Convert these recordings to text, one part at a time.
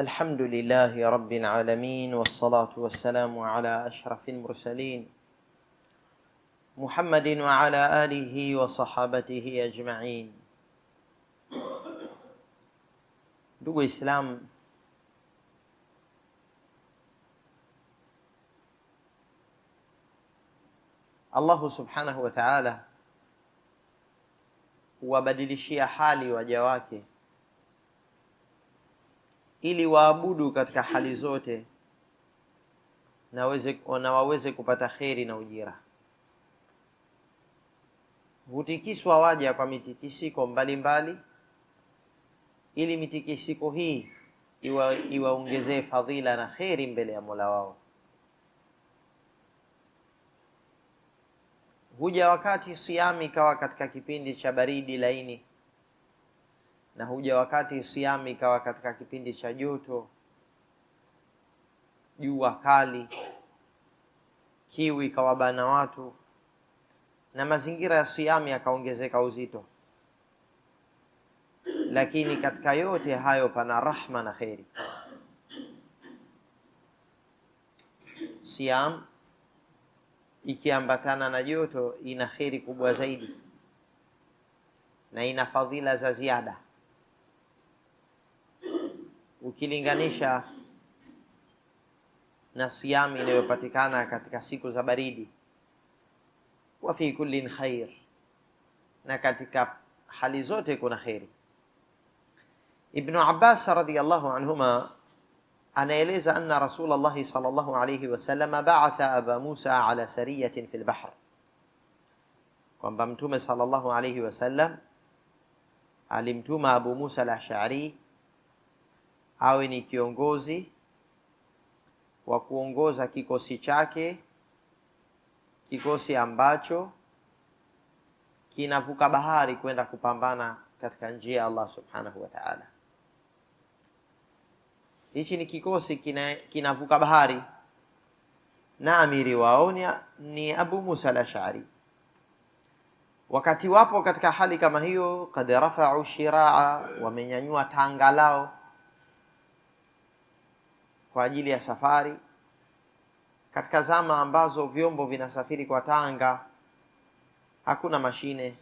الحمد لله رب العالمين والصلاة والسلام على أشرف المرسلين محمد وعلى آله وصحابته أجمعين دو اسلام الله سبحانه وتعالى وبدل شيء حالي waja ili waabudu katika hali zote na waweze, na waweze kupata kheri na ujira. Hutikiswa waja kwa mitikisiko mbalimbali mbali, ili mitikisiko hii iwaongezee fadhila na kheri mbele ya Mola wao. Huja wakati siami ikawa katika kipindi cha baridi laini na huja wakati siamu ikawa katika kipindi cha joto, jua kali, kiu ikawabana watu na mazingira ya siamu yakaongezeka uzito. Lakini katika yote hayo pana rahma na kheri. Siam ikiambatana na joto ina kheri kubwa zaidi na ina fadhila za ziada. ukilinganisha na siamu inayopatikana katika siku za baridi. Wa fi kullin khair, na katika hali zote kuna kheri. Ibnu Abbas radhiyallahu anhuma anaeleza anna rasula llahi sallallahu alayhi wasalama ba'atha aba Musa ala sariyatin fi lbahr, kwamba Mtume sallallahu alayhi wasallam alimtuma Abu Musa al-Ash'ari awe ni kiongozi wa kuongoza kikosi chake, kikosi ambacho kinavuka bahari kwenda kupambana katika njia ya Allah subhanahu wa ta'ala. Hichi ni kikosi kina, kinavuka bahari na amiri wao ni, ni Abu Musa al-Ash'ari. Wakati wapo katika hali kama hiyo, kad rafa'u shiraa, wamenyanyua tanga lao kwa ajili ya safari katika zama ambazo vyombo vinasafiri kwa tanga, hakuna mashine,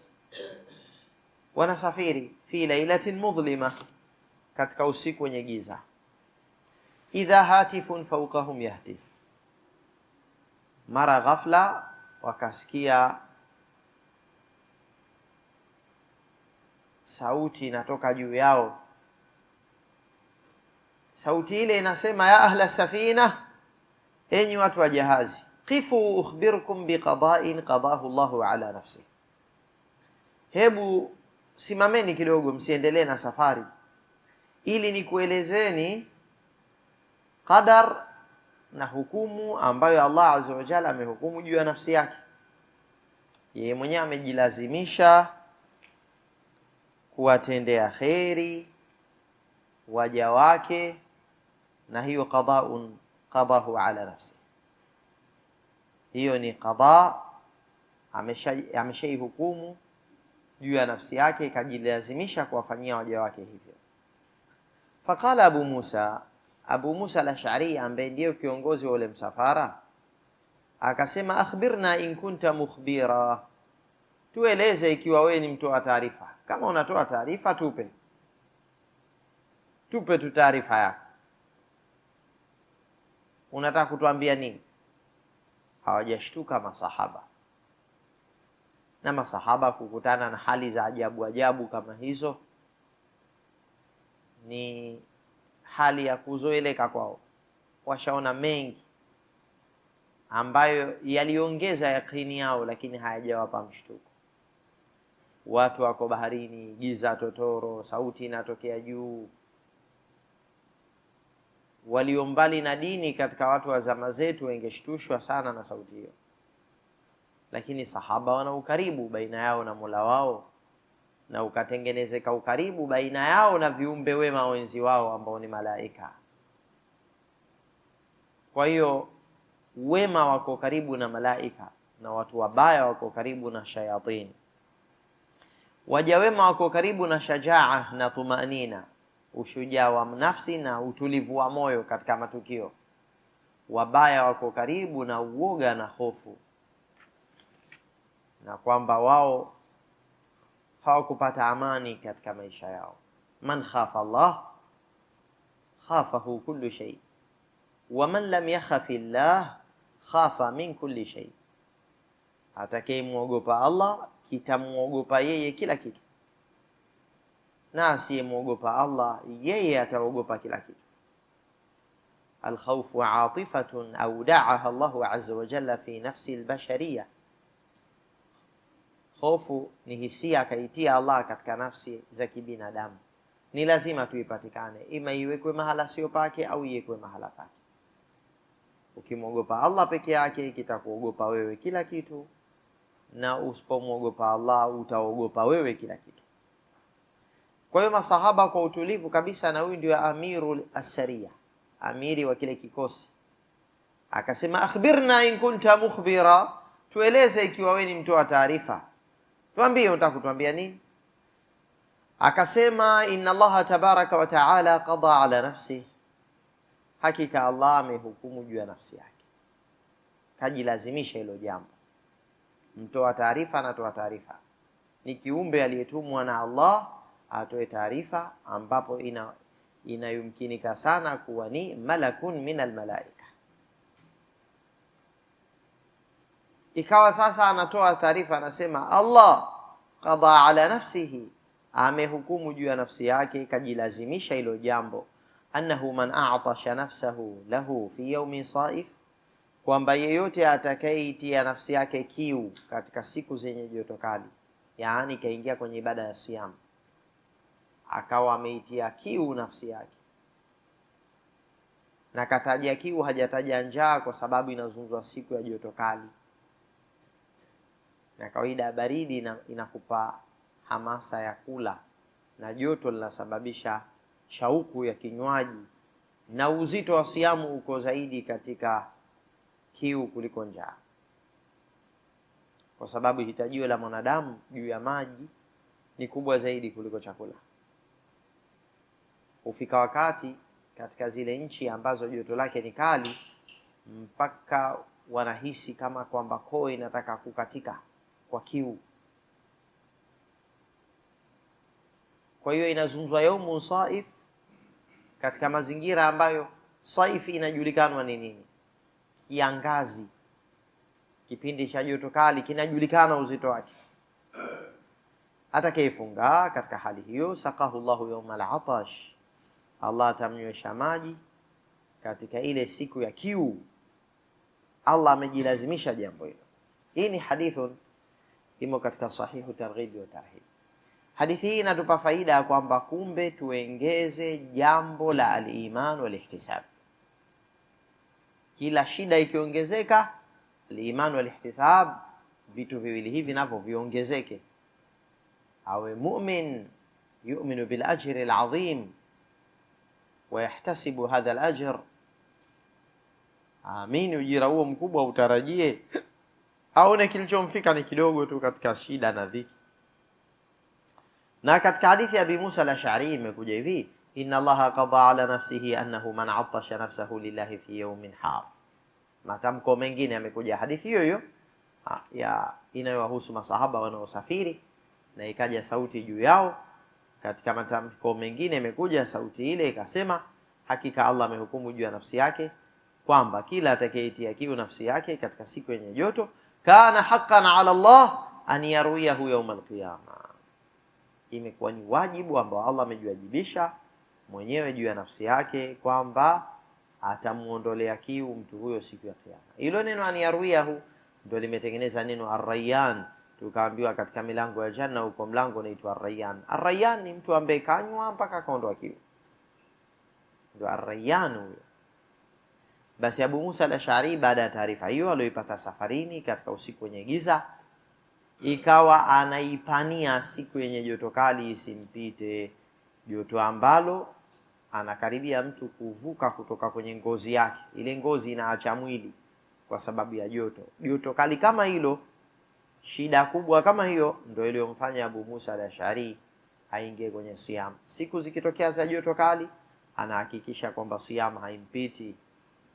wanasafiri fi lailatin mudhlima, katika usiku wenye giza. Idha hatifun fawqahum yahtif, mara ghafla wakasikia sauti inatoka juu yao sauti ile inasema, ya ahla safina, enyi watu wa jahazi, qifu ukhbirukum biqada'in qadahu Allahu ala nafsi, hebu simameni kidogo, msiendelee na safari ili nikuelezeni qadar na hukumu ambayo Allah azza wa jalla amehukumu juu ya nafsi yake. Yeye mwenyewe amejilazimisha kuwatendea kheri waja wake na hiyo qadaun qadahu ala nafsi, hiyo ni qada ameshaihukumu juu ya nafsi yake, ikajilazimisha kuwafanyia waja wake hivyo. Faqala Abu Musa, Abu Musa al-Ash'ari ambaye ndiyo kiongozi wa ule msafara akasema, akhbirna in kunta mukhbira, tueleze ikiwa wewe ni mtoa taarifa. Kama unatoa taarifa, tupe tupe tu taarifa yako Unataka kutuambia nini? Hawajashtuka masahaba na masahaba kukutana na hali za ajabu ajabu kama hizo ni hali ya kuzoeleka kwao. Washaona mengi ambayo yaliongeza yakini yao, lakini hayajawapa mshtuko. Watu wako baharini, giza totoro, sauti inatokea juu, walio mbali na dini katika watu wa zama zetu wengeshtushwa sana na sauti hiyo, lakini sahaba wana ukaribu baina yao na Mola wao na ukatengenezeka ukaribu baina yao na viumbe wema wenzi wao ambao ni malaika. Kwa hiyo wema wako karibu na malaika na watu wabaya wako karibu na shayatini. Waja wema wako karibu na shajaa na tumanina ushujaa wa nafsi na utulivu wa moyo katika matukio. Wabaya wako karibu na uoga na hofu, na kwamba wao hawakupata amani katika maisha yao. Man khafa Allah khafahu kullu shay wa man lam yakhaf Allah khafa min kulli shay, atakayemwogopa Allah kitamwogopa yeye kila kitu na asiyemwogopa Allah yeye ataogopa kila kitu. Alkhawfu atifatun audaaha Allahu azza wa jalla fi nafsi albashariya, hofu ni hisia akaitia Allah katika nafsi za kibinadamu, ni lazima tuipatikane, ima iwekwe mahala sio pake au iwekwe mahala pake. Ukimwogopa Allah peke yake kitakuogopa wewe kila kitu, na usipomwogopa Allah utaogopa wewe kila kitu. Kwa hiyo masahaba kwa utulivu kabisa, na huyu ndio amiru asariya, amiri wa kile kikosi, akasema akhbirna in kunta mukhbira, tueleze ikiwa wewe ni mtoa taarifa, tuambie unataka kutuambia nini? Akasema inna Allaha tabaraka wa taala qada ala nafsi, hakika Allah amehukumu juu ya nafsi yake, kajilazimisha hilo jambo. Mtoa taarifa anatoa taarifa, ni kiumbe aliyetumwa na Allah atoe taarifa ambapo ina inayumkinika sana kuwa ni malakun min almalaika. Ikawa sasa anatoa taarifa, anasema Allah qada ala nafsihi, amehukumu juu ya nafsi yake, kajilazimisha hilo jambo, annahu man a'tasha nafsahu lahu fi yawmin saif, kwamba yeyote atakayeitia nafsi yake kiu katika siku zenye joto kali, yaani kaingia kwenye ibada ya siamu akawa ameitia kiu nafsi yake, na kataja kiu, hajataja njaa, kwa sababu inazungumzwa siku ya joto kali, na kawaida ya baridi inakupa hamasa ya kula, na joto linasababisha shauku ya kinywaji, na uzito wa siamu uko zaidi katika kiu kuliko njaa, kwa sababu hitajio la mwanadamu juu ya maji ni kubwa zaidi kuliko chakula hufika wakati katika zile nchi ambazo joto lake ni kali mpaka wanahisi kama kwamba koo inataka kukatika kwa kiu. Kwa hiyo inazungumzwa yaumu saif katika mazingira ambayo saif inajulikanwa ni nini? Kiangazi, kipindi cha joto kali kinajulikana uzito wake. Atakayefunga katika hali hiyo, sakahu llahu yauma latash atash Allah atamnywesha maji katika ile siku ya kiu. Allah amejilazimisha jambo hilo. Hii ni hadithun imo katika sahihu targhib wa tarhib. Hadithi hii inatupa faida ya kwamba kumbe tuengeze jambo la aliman walihtisab. Kila shida ikiongezeka, aliman walihtisab, vitu viwili hivi navyo viongezeke, awe mumin yuminu bilajri alazim wayahtasibu hadha al-ajr, ujira huo mkubwa utarajie, aone kilichomfika ni kidogo tu katika shida na dhiki. Na katika hadithi ya Abi Musa al-Ash'ari imekuja hivi, inna Allaha qada ala nafsihi annahu man attasha nafsahu lillahi fi yawmin har. Matamko mengine yamekuja hadithi hiyo hiyo ya inayowahusu masahaba wanaosafiri, na ikaja sauti juu yao katika matamko mengine imekuja sauti ile ikasema, hakika Allah amehukumu juu ya nafsi yake kwamba kila atakayetia kiu nafsi yake katika siku yenye joto, kana haqan ala Allah an yarwiyahu yauma alqiyama, imekuwa ni wajibu ambao Allah amejiwajibisha mwenyewe juu ya nafsi yake kwamba atamuondolea kiu mtu huyo siku ya Kiyama. Hilo neno an yarwiyahu ndio limetengeneza neno arrayan tukaambiwa katika milango ya janna huko mlango unaitwa Rayyan. Arrayan ni mtu ambaye kanywa mpaka akaondoa kiu, ndio Arrayan huyo. Basi Abu Musa al-Ash'ari baada ya taarifa hiyo aliyoipata safarini katika usiku wenye giza, ikawa anaipania siku yenye joto kali isimpite, joto ambalo anakaribia mtu kuvuka kutoka kwenye ngozi yake, ile ngozi inaacha mwili kwa sababu ya joto. Joto kali kama hilo Shida kubwa kama hiyo ndio iliyomfanya Abu Musa al-Ash'ari aingie kwenye siam. Siku zikitokea za joto kali, anahakikisha kwamba siam haimpiti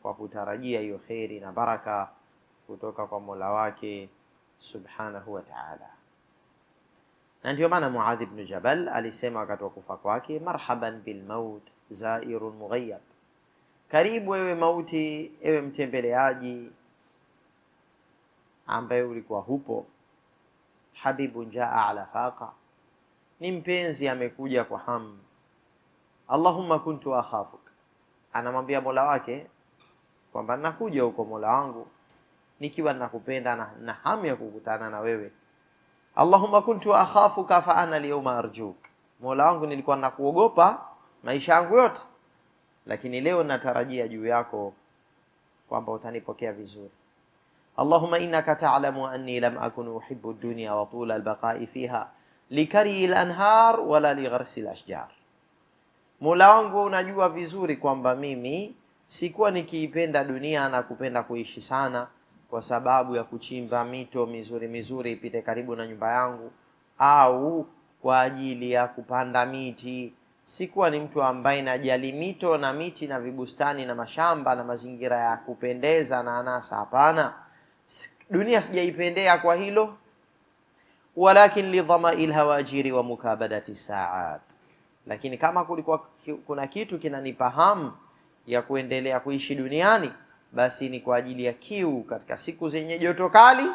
kwa kutarajia hiyo kheri na baraka kutoka kwa Mola wake subhanahu wa ta'ala. Na ndio maana Muadh ibn Jabal alisema wakati wa kufa kwake, marhaban bil maut zairun mughayyab, karibu ewe mauti, ewe mtembeleaji ambaye ulikuwa hupo habibun jaa ala faqa, ni mpenzi amekuja kwa hamu. Allahumma kuntu akhafuk, anamwambia mola wake kwamba nakuja huko mola wangu nikiwa nakupenda na, na hamu ya kukutana na wewe. Allahumma kuntu akhafuka fa ana alyawma arjuk, mola wangu nilikuwa nakuogopa maisha yangu yote, lakini leo natarajia juu yako kwamba utanipokea vizuri. اللهم إنك تعلم أني لم أكن أحب الدنيا وطول البقاء فيها لكري الأنهار ولا لغرس الأشجار Mola wangu unajua vizuri kwamba mimi sikuwa nikiipenda dunia na kupenda kuishi sana kwa sababu ya kuchimba mito mizuri mizuri ipite karibu na nyumba yangu au kwa ajili ya kupanda miti. Sikuwa ni mtu ambaye najali mito na miti na vibustani na mashamba na mazingira ya kupendeza na anasa, hapana dunia sijaipendea kwa hilo, walakin lidhamai lhawajiri wa mukabadati saat, lakini kama kulikuwa kuna kitu kinanipa hamu ya kuendelea kuishi duniani, basi ni kwa ajili ya kiu katika siku zenye joto kali,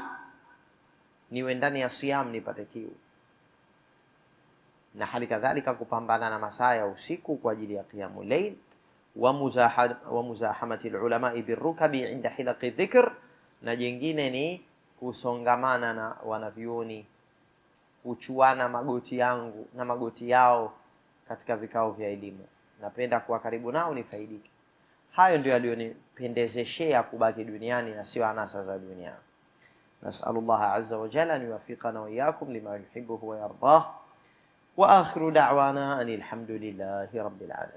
niwe ndani ya siam nipate kiu, na hali kadhalika kupambana na masaa ya usiku kwa ajili ya qiyamu lail wa muzahamati lulamai birukabi inda hilaqi dhikr na jingine ni kusongamana na wanavyuoni, kuchuana magoti yangu na magoti yao katika vikao vya elimu. Napenda kuwa karibu nao nifaidike. Hayo ndio yaliyonipendezeshea kubaki duniani na sio anasa za dunia. Nasalullah azza wa jalla an wa iyyakum lima yuhibbu wa yardah wa akhiru da'wana anil hamdulillahi rabbil alamin.